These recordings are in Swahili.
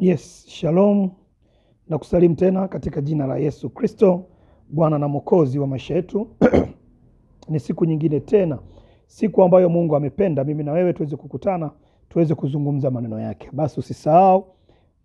Yes, shalom na kusalimu tena katika jina la Yesu Kristo, Bwana na Mwokozi wa maisha yetu. Ni siku nyingine tena, siku ambayo Mungu amependa mimi na wewe tuweze kukutana, tuweze kuzungumza maneno yake. Basi usisahau,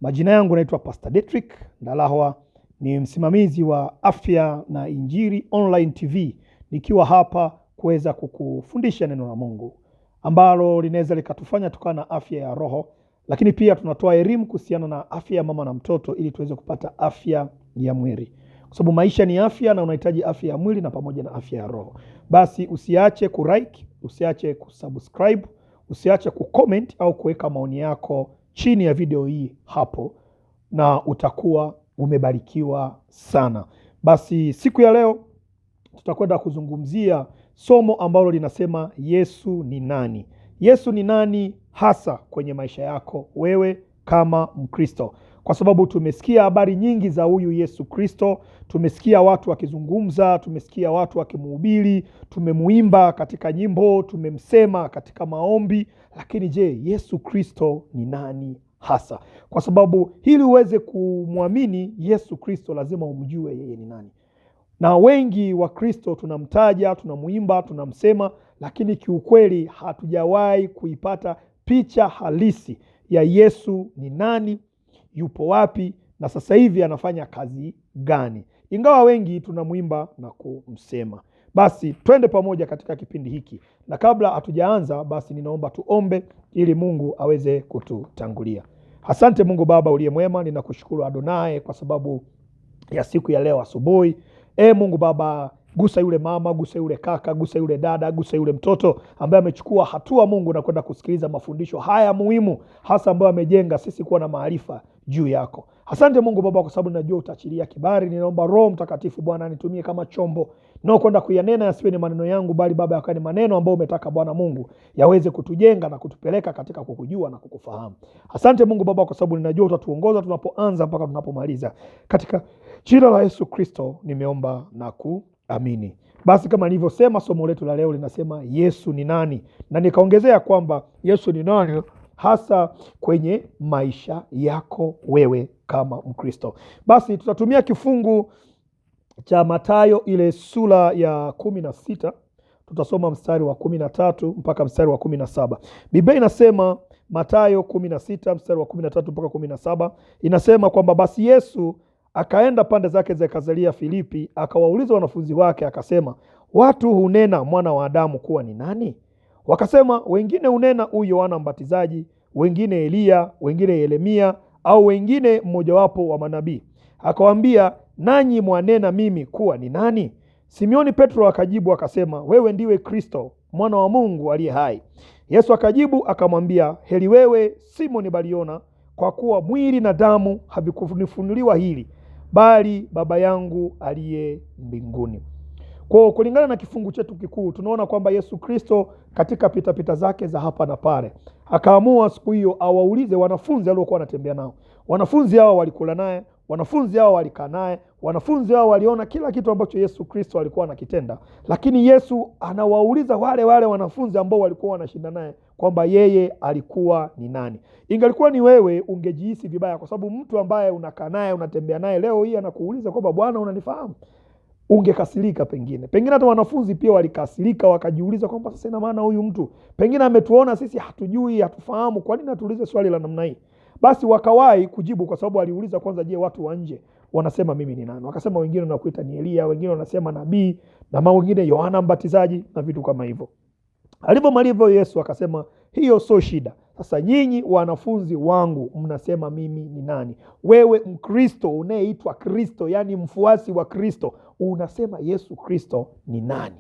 majina yangu naitwa Pastor Detrick Ndalahwa, ni msimamizi wa afya na injili online TV, nikiwa hapa kuweza kukufundisha neno la Mungu ambalo linaweza likatufanya tukawa na afya ya roho lakini pia tunatoa elimu kuhusiana na afya ya mama na mtoto ili tuweze kupata afya ya mwili, kwa sababu maisha ni afya na unahitaji afya ya mwili na pamoja na afya ya roho. Basi usiache kulike, usiache kusubscribe, usiache kucomment au kuweka maoni yako chini ya video hii hapo, na utakuwa umebarikiwa sana. Basi siku ya leo tutakwenda kuzungumzia somo ambalo linasema Yesu ni nani. Yesu ni nani hasa kwenye maisha yako wewe kama Mkristo, kwa sababu tumesikia habari nyingi za huyu Yesu Kristo. Tumesikia watu wakizungumza, tumesikia watu wakimhubiri, tumemuimba katika nyimbo, tumemsema katika maombi. Lakini je, Yesu Kristo ni nani hasa? Kwa sababu ili uweze kumwamini Yesu Kristo lazima umjue yeye ni nani na wengi wa Kristo tunamtaja, tunamwimba, tunamsema, lakini kiukweli hatujawahi kuipata picha halisi ya Yesu ni nani, yupo wapi na sasa hivi anafanya kazi gani, ingawa wengi tunamwimba na kumsema. Basi twende pamoja katika kipindi hiki, na kabla hatujaanza, basi ninaomba tuombe ili Mungu aweze kututangulia. Asante Mungu Baba uliye mwema, ninakushukuru Adonai kwa sababu ya siku ya leo asubuhi E Mungu Baba, gusa yule mama, gusa yule kaka, gusa yule dada, gusa yule mtoto ambaye amechukua hatua Mungu na kwenda kusikiliza mafundisho haya muhimu, hasa ambayo amejenga sisi kuwa na maarifa juu yako. Asante Mungu Baba, kwa sababu najua utaachilia kibali. Ninaomba Roho Mtakatifu Bwana anitumie kama chombo naokwenda kuyanena, yasiwe ni maneno yangu, bali Baba yakawa ni maneno ambayo umetaka Bwana Mungu yaweze kutujenga na kutupeleka katika kukujua na kukufahamu. Asante Mungu Baba, kwa sababu ninajua utatuongoza tunapoanza mpaka tunapomaliza katika Jina la Yesu Kristo nimeomba na kuamini. Basi kama nilivyosema, somo letu la leo linasema Yesu ni nani, na nikaongezea kwamba Yesu ni nani hasa kwenye maisha yako wewe kama Mkristo. Basi tutatumia kifungu cha Mathayo ile sura ya kumi na sita tutasoma mstari wa kumi na tatu mpaka mstari wa kumi na saba. Biblia inasema Mathayo kumi na sita mstari wa kumi na tatu mpaka kumi na saba inasema kwamba basi Yesu akaenda pande zake za Filipi, akawauliza wanafunzi wake akasema, watu hunena mwana wa Adamu kuwa ni nani? Wakasema, wengine hunena huyu Yohana Mbatizaji, wengine Eliya, wengine Yeremia, au wengine mmojawapo wa manabii. Akawaambia, nanyi mwanena mimi kuwa ni nani? Simioni Petro akajibu akasema, wewe ndiwe Kristo mwana wa Mungu aliye hai. Yesu akajibu akamwambia, heri wewe Simoni Bariona, kwa kuwa mwili na damu havikufunuliwa hili, bali Baba yangu aliye mbinguni. Kwa kulingana na kifungu chetu kikuu, tunaona kwamba Yesu Kristo katika pitapita pita zake za hapa na pale akaamua siku hiyo awaulize wanafunzi aliokuwa wanatembea nao. Wanafunzi hao walikula naye, wanafunzi hao walikaa naye, wanafunzi hao waliona kila kitu ambacho Yesu Kristo alikuwa anakitenda, lakini Yesu anawauliza wale wale wanafunzi ambao walikuwa wanashinda naye kwamba yeye alikuwa ni nani. Ingalikuwa ni wewe, ungejihisi vibaya, kwa sababu mtu ambaye unakaa naye unatembea naye leo hii anakuuliza kwamba bwana, unanifahamu? Ungekasirika pengine, pengine hata wanafunzi pia walikasirika, wakajiuliza kwamba sasa, ina maana huyu mtu pengine ametuona sisi hatujui, hatufahamu, kwa nini atuulize swali la namna hii? Basi wakawahi kujibu, kwa sababu aliuliza kwanza, je, watu wa nje wanasema mimi ni nani? Wakasema wengine wanakuita ni Elia, wengine wanasema nabii, na wengine Yohana Mbatizaji na vitu kama hivyo. Alivyomaliva Yesu akasema, hiyo sio shida. Sasa nyinyi wanafunzi wangu mnasema mimi ni nani? Wewe Mkristo unayeitwa Kristo, yaani mfuasi wa Kristo, unasema Yesu Kristo ni nani?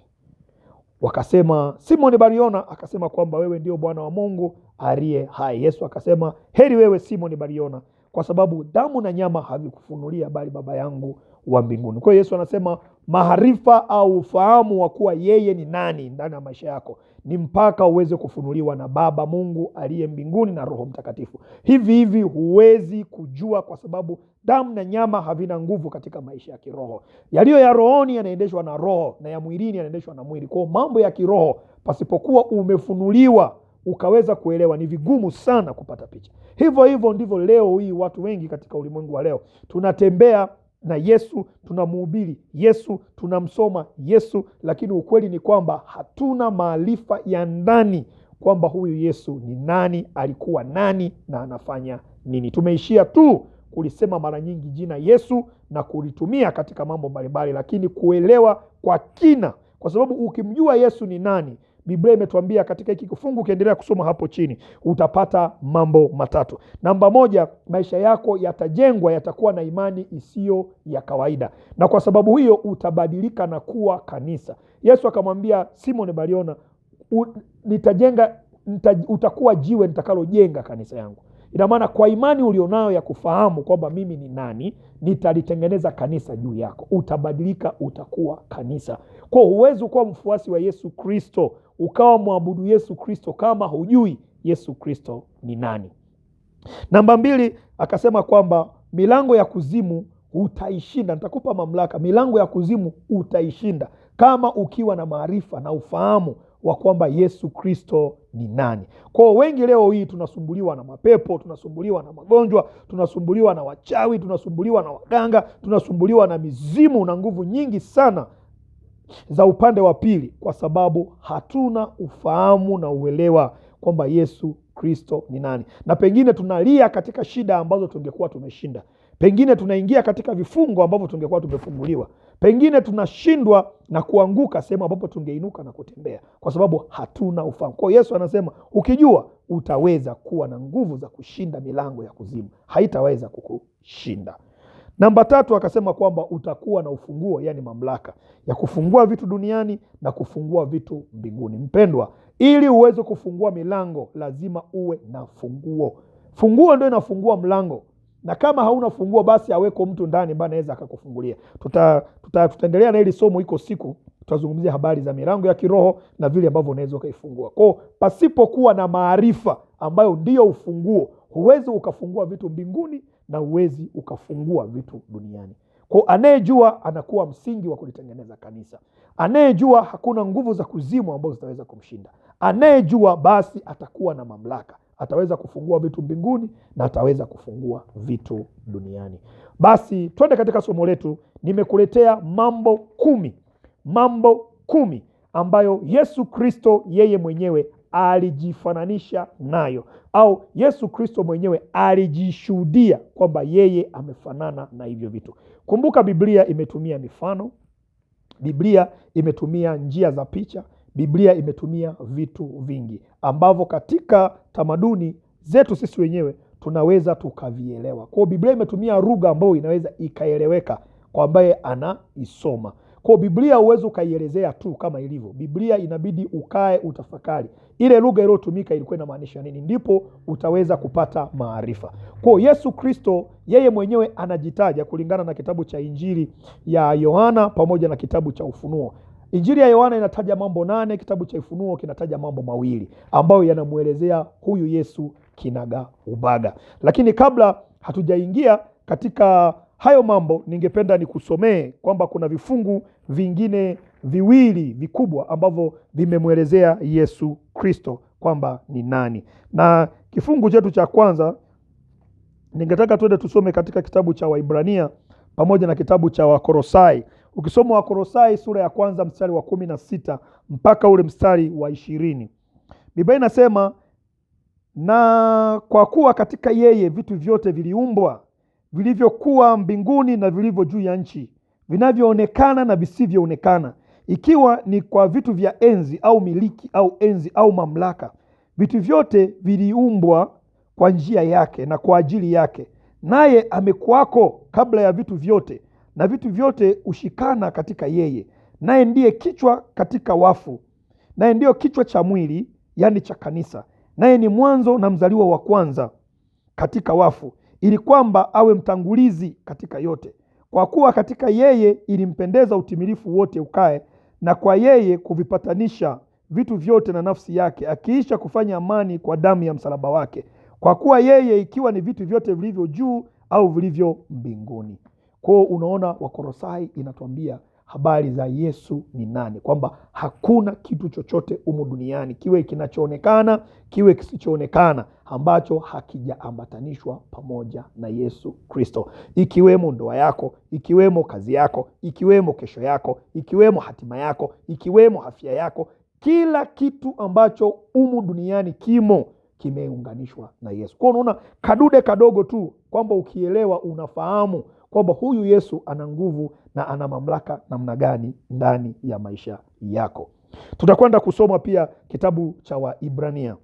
Wakasema Simon Bariona, akasema kwamba wewe ndio Bwana wa Mungu aliye hai. Yesu akasema, heri wewe Simon Bariona, kwa sababu damu na nyama havikufunulia, bali Baba yangu wa mbinguni. Kwa hiyo Yesu anasema maarifa au ufahamu wa kuwa yeye ni nani ndani ya maisha yako ni mpaka uweze kufunuliwa na Baba Mungu aliye mbinguni na Roho Mtakatifu. Hivi hivi huwezi kujua, kwa sababu damu na nyama havina nguvu katika maisha ya kiroho. Yaliyo ya rohoni yanaendeshwa na roho na ya mwilini yanaendeshwa na mwili. Kwao mambo ya kiroho, pasipokuwa umefunuliwa ukaweza kuelewa, ni vigumu sana kupata picha. Hivyo hivyo ndivyo leo hii watu wengi katika ulimwengu wa leo tunatembea na Yesu tunamhubiri, Yesu tunamsoma Yesu, lakini ukweli ni kwamba hatuna maarifa ya ndani kwamba huyu Yesu ni nani, alikuwa nani na anafanya nini. Tumeishia tu kulisema mara nyingi jina Yesu na kulitumia katika mambo mbalimbali, lakini kuelewa kwa kina, kwa sababu ukimjua Yesu ni nani Biblia imetuambia katika hiki kifungu, ukiendelea kusoma hapo chini utapata mambo matatu. Namba moja, maisha yako yatajengwa, yatakuwa na imani isiyo ya kawaida, na kwa sababu hiyo utabadilika na kuwa kanisa. Yesu akamwambia Simon Bariona, nitajenga nita, utakuwa jiwe nitakalojenga kanisa yangu. Ina maana kwa imani ulionayo ya kufahamu kwamba mimi ni nani, nitalitengeneza kanisa juu yako. Utabadilika, utakuwa kanisa. Kwa huwezi kuwa mfuasi wa Yesu Kristo ukawa mwabudu Yesu Kristo kama hujui Yesu Kristo ni nani. Namba mbili, akasema kwamba milango ya kuzimu utaishinda, nitakupa mamlaka. Milango ya kuzimu utaishinda kama ukiwa na maarifa na ufahamu wa kwamba Yesu Kristo ni nani. Kwa wengi leo hii tunasumbuliwa na mapepo, tunasumbuliwa na magonjwa, tunasumbuliwa na wachawi, tunasumbuliwa na waganga, tunasumbuliwa na mizimu na nguvu nyingi sana za upande wa pili, kwa sababu hatuna ufahamu na uelewa kwamba Yesu Kristo ni nani, na pengine tunalia katika shida ambazo tungekuwa tumeshinda, pengine tunaingia katika vifungo ambavyo tungekuwa tumefunguliwa, pengine tunashindwa na kuanguka sehemu ambapo tungeinuka na kutembea, kwa sababu hatuna ufahamu. Kwa hiyo Yesu anasema ukijua, utaweza kuwa na nguvu za kushinda milango ya kuzimu, haitaweza kukushinda. Namba tatu, akasema kwamba utakuwa na ufunguo, yani mamlaka ya kufungua vitu duniani na kufungua vitu mbinguni. Mpendwa, ili uweze kufungua milango lazima uwe na funguo. Funguo ndio inafungua mlango, na kama hauna funguo, basi aweko mtu ndani ambaye anaweza akakufungulia. Tutaendelea tuta, tuta na hili somo iko siku tutazungumzia habari za milango ya kiroho na vile ambavyo unaweza ukaifungua. Kwao pasipokuwa na maarifa ambayo ndiyo ufunguo, huwezi ukafungua vitu mbinguni na uwezi ukafungua vitu duniani. Kwa anayejua anakuwa msingi wa kulitengeneza kanisa. Anayejua hakuna nguvu za kuzimu ambazo zitaweza kumshinda. Anayejua basi atakuwa na mamlaka, ataweza kufungua vitu mbinguni na ataweza kufungua vitu duniani. Basi twende katika somo letu, nimekuletea mambo kumi, mambo kumi ambayo Yesu Kristo yeye mwenyewe alijifananisha nayo, au Yesu Kristo mwenyewe alijishuhudia kwamba yeye amefanana na hivyo vitu. Kumbuka Biblia imetumia mifano, Biblia imetumia njia za picha, Biblia imetumia vitu vingi ambavyo katika tamaduni zetu sisi wenyewe tunaweza tukavielewa. Kwa hiyo Biblia imetumia lugha ambayo inaweza ikaeleweka kwa ambaye anaisoma. Kwa Biblia huwezi ukaielezea tu kama ilivyo. Biblia inabidi ukae utafakari ile lugha iliyotumika ilikuwa inamaanisha nini, ndipo utaweza kupata maarifa. Kwa Yesu Kristo yeye mwenyewe anajitaja kulingana na kitabu cha Injili ya Yohana pamoja na kitabu cha Ufunuo. Injili ya Yohana inataja mambo nane, kitabu cha Ufunuo kinataja mambo mawili ambayo yanamwelezea huyu Yesu kinaga ubaga. Lakini kabla hatujaingia katika hayo mambo ningependa nikusomee kwamba kuna vifungu vingine viwili vikubwa ambavyo vimemwelezea Yesu Kristo kwamba ni nani. Na kifungu chetu cha kwanza ningetaka tuende tusome katika kitabu cha Waibrania pamoja na kitabu cha Wakorosai. Ukisoma Wakorosai sura ya kwanza mstari wa kumi na sita mpaka ule mstari wa ishirini Biblia inasema, na kwa kuwa katika yeye vitu vyote viliumbwa vilivyokuwa mbinguni na vilivyo juu ya nchi, vinavyoonekana na visivyoonekana, ikiwa ni kwa vitu vya enzi au miliki au enzi au mamlaka. Vitu vyote viliumbwa kwa njia yake na kwa ajili yake, naye amekuwako kabla ya vitu vyote, na vitu vyote hushikana katika yeye. Naye ndiye kichwa katika wafu, naye ndiyo kichwa cha mwili, yaani cha kanisa, naye ni mwanzo na mzaliwa wa kwanza katika wafu ili kwamba awe mtangulizi katika yote, kwa kuwa katika yeye ilimpendeza utimilifu wote ukae, na kwa yeye kuvipatanisha vitu vyote na nafsi yake, akiisha kufanya amani kwa damu ya msalaba wake. Kwa kuwa yeye ikiwa ni vitu vyote vilivyo juu au vilivyo mbinguni. Kwao unaona, wakorosai inatuambia habari za Yesu ni nani, kwamba hakuna kitu chochote humu duniani kiwe kinachoonekana kiwe kisichoonekana ambacho hakijaambatanishwa pamoja na Yesu Kristo, ikiwemo ndoa yako, ikiwemo kazi yako, ikiwemo kesho yako, ikiwemo hatima yako, ikiwemo afya yako. Kila kitu ambacho humu duniani kimo kimeunganishwa na Yesu. Kwa unaona kadude kadogo tu kwamba ukielewa unafahamu kwamba huyu Yesu ana nguvu na ana mamlaka namna gani ndani ya maisha yako. Tutakwenda kusoma pia kitabu cha Waibrania,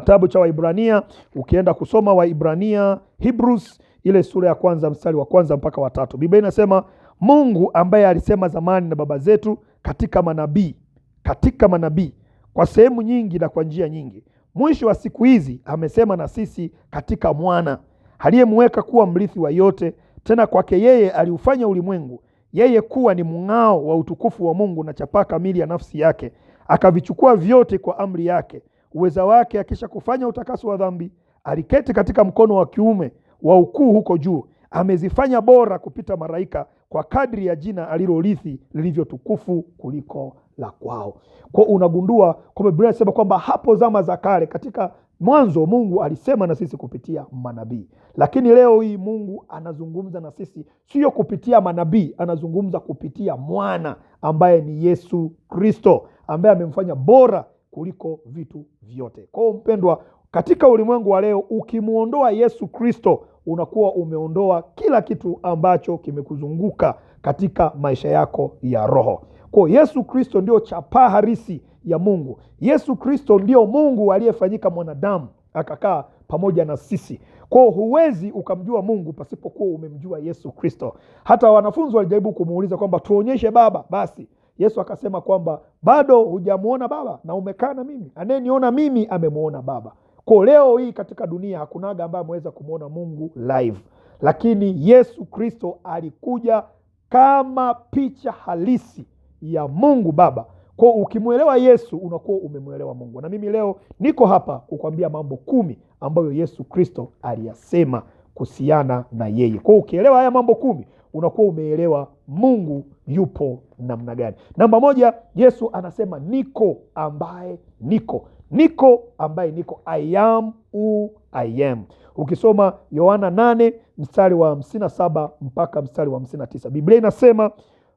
kitabu cha Waibrania. Ukienda kusoma Waibrania, Hebrews ile sura ya kwanza mstari wa kwanza mpaka wa tatu, Biblia inasema Mungu ambaye alisema zamani na baba zetu katika manabii, katika manabii kwa sehemu nyingi na kwa njia nyingi, mwisho wa siku hizi amesema na sisi katika mwana aliyemweka kuwa mrithi wa yote tena kwake yeye aliufanya ulimwengu, yeye kuwa ni mng'ao wa utukufu wa Mungu na chapaa kamili ya nafsi yake, akavichukua vyote kwa amri yake. Uweza wake akisha kufanya utakaso wa dhambi, aliketi katika mkono wa kiume wa ukuu huko juu. Amezifanya bora kupita maraika kwa kadri ya jina alilorithi lilivyo tukufu kuliko la kwao. Kwa unagundua kwamba Biblia inasema kwamba hapo zama za kale, katika mwanzo Mungu alisema na sisi kupitia manabii, lakini leo hii Mungu anazungumza na sisi sio kupitia manabii, anazungumza kupitia mwana ambaye ni Yesu Kristo, ambaye amemfanya bora kuliko vitu vyote. Kwa hiyo mpendwa, katika ulimwengu wa leo ukimwondoa Yesu Kristo unakuwa umeondoa kila kitu ambacho kimekuzunguka katika maisha yako ya roho. Kwa Yesu Kristo ndio chapaa harisi ya Mungu. Yesu Kristo ndio Mungu aliyefanyika mwanadamu akakaa pamoja na sisi. Kwa huwezi ukamjua Mungu pasipokuwa umemjua Yesu Kristo. Hata wanafunzi walijaribu kumuuliza kwamba tuonyeshe Baba basi. Yesu akasema kwamba bado hujamwona Baba na umekaa na mimi, anayeniona mimi amemwona Baba. Kwa leo hii katika dunia hakunaga ambaye ameweza kumwona Mungu live, lakini Yesu Kristo alikuja kama picha halisi ya Mungu Baba. Kwa ukimwelewa Yesu unakuwa umemwelewa Mungu. Na mimi leo niko hapa kukwambia mambo kumi ambayo Yesu Kristo aliyasema kuhusiana na yeye. Kwa ukielewa haya mambo kumi unakuwa umeelewa Mungu yupo namna gani. Namba moja, Yesu anasema niko ambaye niko niko ambaye niko I am who I am. Ukisoma Yohana 8 mstari wa 57 mpaka mstari wa 59, Biblia inasema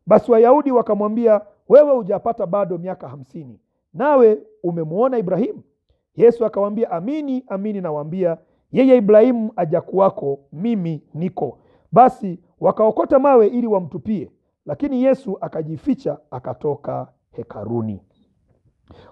basi Wayahudi wakamwambia, wewe hujapata bado miaka hamsini, nawe umemwona Ibrahimu? Yesu akawaambia, amini amini nawaambia, yeye Ibrahimu ajakuwako, mimi niko. Basi wakaokota mawe ili wamtupie, lakini Yesu akajificha akatoka hekaruni.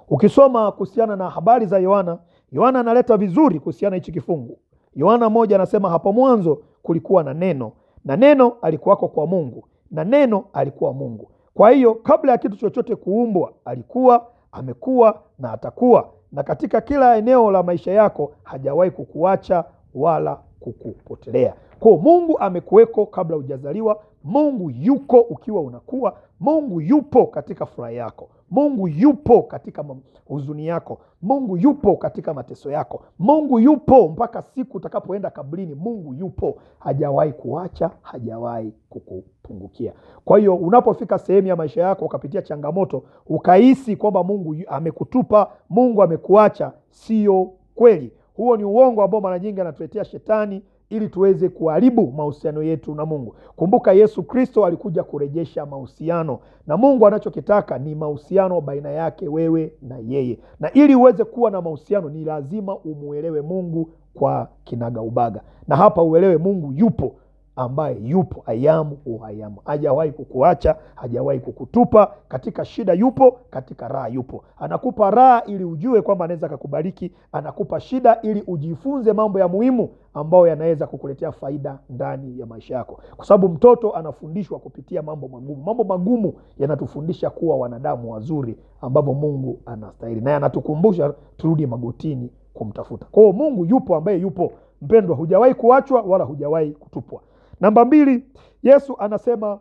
Ukisoma kuhusiana na habari za Yohana, Yohana analeta vizuri kuhusiana hichi kifungu. Yohana moja anasema hapo mwanzo kulikuwa na neno, na neno alikuwako kwa Mungu, na neno alikuwa Mungu. Kwa hiyo kabla ya kitu chochote kuumbwa, alikuwa, amekuwa na atakuwa, na katika kila eneo la maisha yako hajawahi kukuacha wala kukupotelea. Kwa Mungu amekuweko kabla hujazaliwa. Mungu yuko ukiwa unakuwa. Mungu yupo katika furaha yako. Mungu yupo katika huzuni yako. Mungu yupo katika mateso yako. Mungu yupo mpaka siku utakapoenda kabrini. Mungu yupo, hajawahi kuacha, hajawahi kukupungukia. Kwa hiyo unapofika sehemu ya maisha yako ukapitia changamoto, ukahisi kwamba Mungu amekutupa, Mungu amekuacha, sio kweli. Huo ni uongo ambao mara nyingi anatuletea shetani ili tuweze kuharibu mahusiano yetu na Mungu. Kumbuka Yesu Kristo alikuja kurejesha mahusiano na Mungu. Anachokitaka ni mahusiano baina yake wewe na yeye, na ili uweze kuwa na mahusiano ni lazima umuelewe Mungu kwa kinagaubaga, na hapa uelewe Mungu yupo ambaye yupo ayamu uhayamu, hajawahi kukuacha, hajawahi kukutupa. Katika shida yupo, katika raha yupo. Anakupa raha ili ujue kwamba anaweza akakubariki, anakupa shida ili ujifunze mambo ya muhimu ambayo yanaweza kukuletea faida ndani ya maisha yako, kwa sababu mtoto anafundishwa kupitia mambo magumu. Mambo magumu yanatufundisha kuwa wanadamu wazuri ambavyo Mungu anastahili, naye anatukumbusha turudi magotini kumtafuta. Kwa hiyo Mungu yupo, ambaye yupo. Mpendwa, hujawahi kuachwa wala hujawahi kutupwa. Namba mbili, Yesu anasema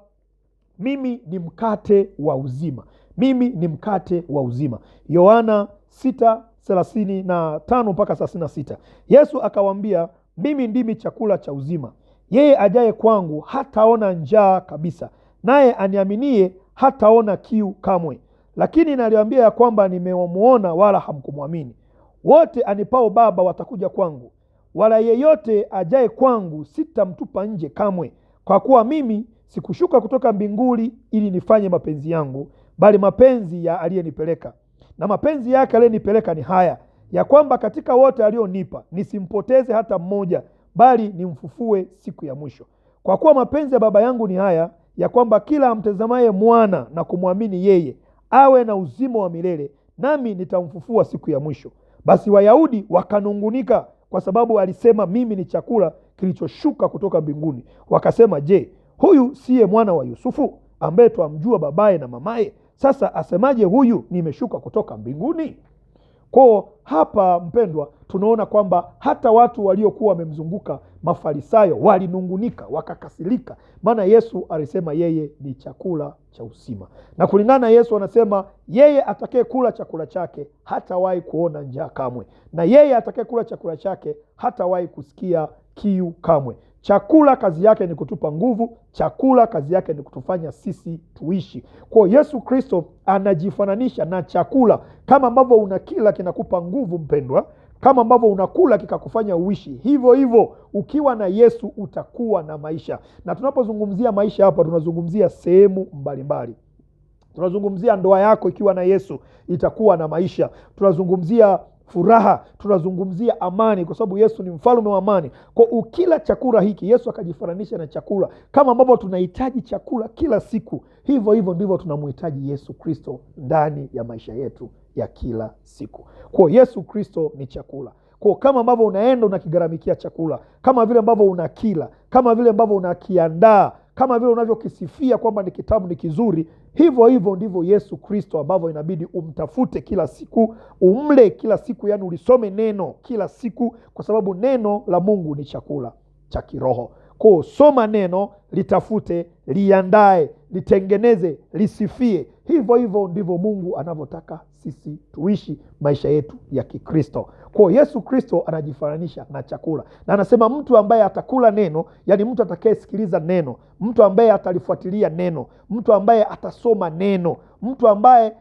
mimi ni mkate wa uzima, mimi ni mkate wa uzima, Yohana 6:35 mpaka 36. Yesu akawaambia, mimi ndimi chakula cha uzima, yeye ajaye kwangu hataona njaa kabisa, naye aniaminie hataona kiu kamwe. Lakini naliwaambia ya kwamba nimemwona, wala hamkumwamini. Wote anipao Baba watakuja kwangu, wala yeyote ajaye kwangu sitamtupa nje kamwe, kwa kuwa mimi sikushuka kutoka mbinguni ili nifanye mapenzi yangu, bali mapenzi ya aliyenipeleka. Na mapenzi yake aliyenipeleka ni haya, ya kwamba katika wote alionipa nisimpoteze hata mmoja, bali nimfufue siku ya mwisho. Kwa kuwa mapenzi ya Baba yangu ni haya, ya kwamba kila amtazamaye mwana na kumwamini yeye awe na uzima wa milele, nami nitamfufua siku ya mwisho. Basi Wayahudi wakanungunika kwa sababu alisema mimi ni chakula kilichoshuka kutoka mbinguni. Wakasema, je, huyu siye mwana wa Yusufu ambaye twamjua babaye na mamaye? Sasa asemaje huyu nimeshuka kutoka mbinguni? Kwao hapa, mpendwa, tunaona kwamba hata watu waliokuwa wamemzunguka Mafarisayo walinungunika, wakakasirika, maana Yesu alisema yeye ni chakula cha uzima, na kulingana na Yesu anasema yeye atakaye kula chakula chake hatawahi kuona njaa kamwe, na yeye atakaye kula chakula chake hatawahi kusikia kiu kamwe. Chakula kazi yake ni kutupa nguvu. Chakula kazi yake ni kutufanya sisi tuishi. Kwa Yesu Kristo anajifananisha na chakula. Kama ambavyo unakila kinakupa nguvu, mpendwa, kama ambavyo unakula kikakufanya uishi, hivyo hivyo ukiwa na Yesu utakuwa na maisha. Na tunapozungumzia maisha hapa, tunazungumzia sehemu mbalimbali tunazungumzia ndoa yako ikiwa na Yesu itakuwa na maisha. Tunazungumzia furaha, tunazungumzia amani, kwa sababu Yesu ni mfalme wa amani. Kwa ukila chakula hiki, Yesu akajifananisha na chakula. Kama ambavyo tunahitaji chakula kila siku, hivyo hivyo ndivyo tunamhitaji Yesu Kristo ndani ya maisha yetu ya kila siku. Kwa Yesu Kristo ni chakula kwa kama ambavyo unaenda unakigharamikia chakula, kama vile ambavyo unakila, kama vile ambavyo unakiandaa kama vile unavyokisifia kwamba ni kitabu ni kizuri, hivyo hivyo ndivyo Yesu Kristo ambavyo inabidi umtafute kila siku, umle kila siku, yani ulisome neno kila siku, kwa sababu neno la Mungu ni chakula cha kiroho. Kwa soma neno, litafute, liandae, litengeneze, lisifie. Hivyo hivyo ndivyo Mungu anavyotaka sisi tuishi maisha yetu ya Kikristo. Kwa hiyo Yesu Kristo anajifananisha na chakula, na anasema mtu ambaye atakula neno, yani mtu atakayesikiliza neno, mtu ambaye atalifuatilia neno, mtu ambaye atasoma neno, mtu ambaye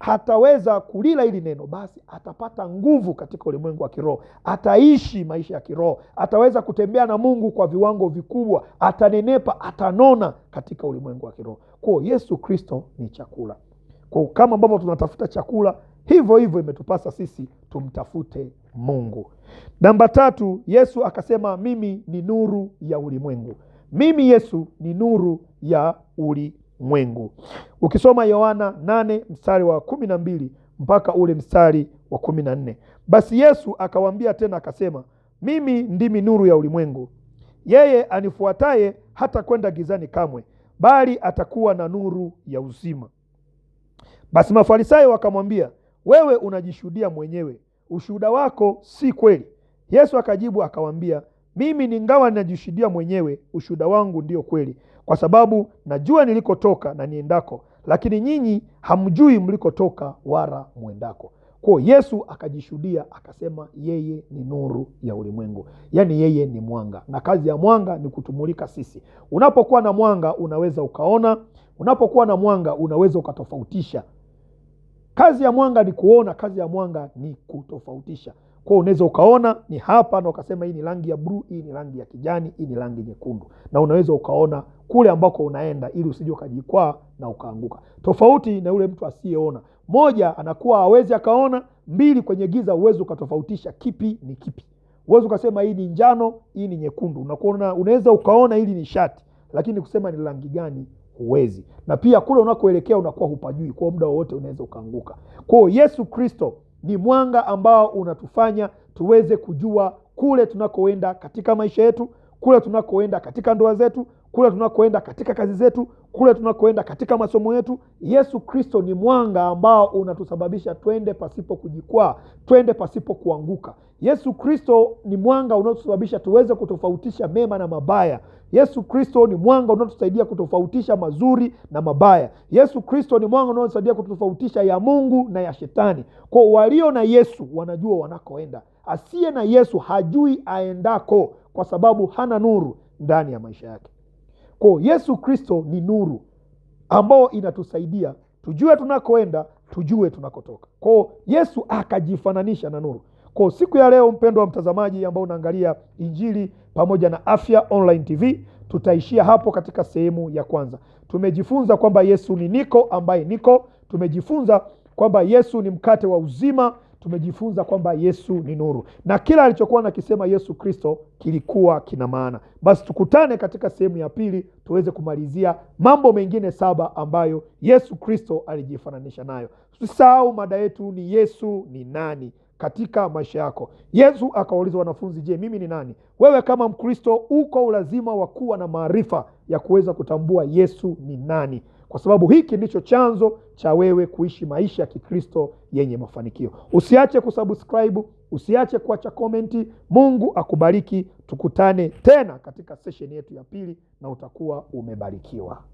hataweza kulila hili neno, basi atapata nguvu katika ulimwengu wa kiroho, ataishi maisha ya kiroho, ataweza kutembea na Mungu kwa viwango vikubwa, atanenepa, atanona katika ulimwengu wa kiroho. Kwa hiyo Yesu Kristo ni chakula. Kwa kama ambavyo tunatafuta chakula, hivyo hivyo imetupasa sisi tumtafute Mungu. Namba tatu, Yesu akasema mimi ni nuru ya ulimwengu. Mimi Yesu ni nuru ya ulimwengu. Ukisoma Yohana nane mstari wa kumi na mbili mpaka ule mstari wa kumi na nne basi Yesu akawaambia tena akasema, mimi ndimi nuru ya ulimwengu, yeye anifuataye hata kwenda gizani kamwe, bali atakuwa na nuru ya uzima. Basi Mafarisayo wakamwambia, wewe unajishuhudia mwenyewe, ushuhuda wako si kweli. Yesu akajibu akawaambia, mimi ningawa ninajishuhudia mwenyewe, ushuhuda wangu ndio kweli, kwa sababu najua nilikotoka na niendako, lakini nyinyi hamjui mlikotoka wala mwendako. Kwa Yesu akajishuhudia akasema, yeye ni nuru ya ulimwengu, yaani yeye ni mwanga, na kazi ya mwanga ni kutumulika sisi. Unapokuwa na mwanga unaweza ukaona, unapokuwa na mwanga unaweza ukatofautisha Kazi ya mwanga ni kuona, kazi ya mwanga ni kutofautisha. Kwa unaweza ukaona ni hapa na ukasema hii ni rangi ya bluu, hii ni rangi ya kijani, hii ni rangi nyekundu, na unaweza ukaona kule ambako unaenda, ili usije ukajikwaa na ukaanguka, tofauti na yule mtu asiyeona. Moja, anakuwa awezi akaona. Mbili, kwenye giza uwezi ukatofautisha kipi ni kipi. uwezi ukasema hii ni njano, hii ni nyekundu. Unakuona, unaweza ukaona hili ni shati, lakini kusema ni rangi gani huwezi, na pia kule unakoelekea unakuwa hupajui, kwa muda wowote unaweza ukaanguka. Kwa hiyo Yesu Kristo ni mwanga ambao unatufanya tuweze kujua kule tunakoenda katika maisha yetu kule tunakoenda katika ndoa zetu, kule tunakoenda katika kazi zetu, kule tunakoenda katika masomo yetu. Yesu Kristo ni mwanga ambao unatusababisha twende pasipo kujikwaa, twende pasipo kuanguka. Yesu Kristo ni mwanga unaotusababisha tuweze kutofautisha mema na mabaya. Yesu Kristo ni mwanga unaotusaidia kutofautisha mazuri na mabaya. Yesu Kristo ni mwanga unaotusaidia kutofautisha ya Mungu na ya Shetani. Kwa walio na Yesu wanajua wanakoenda, asiye na Yesu hajui aendako kwa sababu hana nuru ndani ya maisha yake. Kwa Yesu Kristo ni nuru ambayo inatusaidia tujue tunakoenda, tujue tunakotoka. Kwa Yesu akajifananisha na nuru. Kwa siku ya leo, mpendo wa mtazamaji ambao unaangalia Injili pamoja na Afya Online TV, tutaishia hapo katika sehemu ya kwanza. Tumejifunza kwamba Yesu ni niko ambaye niko, tumejifunza kwamba Yesu ni mkate wa uzima tumejifunza kwamba Yesu ni nuru na kila alichokuwa nakisema Yesu Kristo kilikuwa kina maana. Basi tukutane katika sehemu ya pili tuweze kumalizia mambo mengine saba ambayo Yesu Kristo alijifananisha nayo. Tusisahau mada yetu ni Yesu ni nani katika maisha yako. Yesu akawauliza wanafunzi, je, mimi ni nani? Wewe kama Mkristo uko ulazima wa kuwa na maarifa ya kuweza kutambua Yesu ni nani kwa sababu hiki ndicho chanzo cha wewe kuishi maisha ya Kikristo yenye mafanikio. Usiache kusubscribe, usiache kuacha komenti. Mungu akubariki, tukutane tena katika sesheni yetu ya pili na utakuwa umebarikiwa.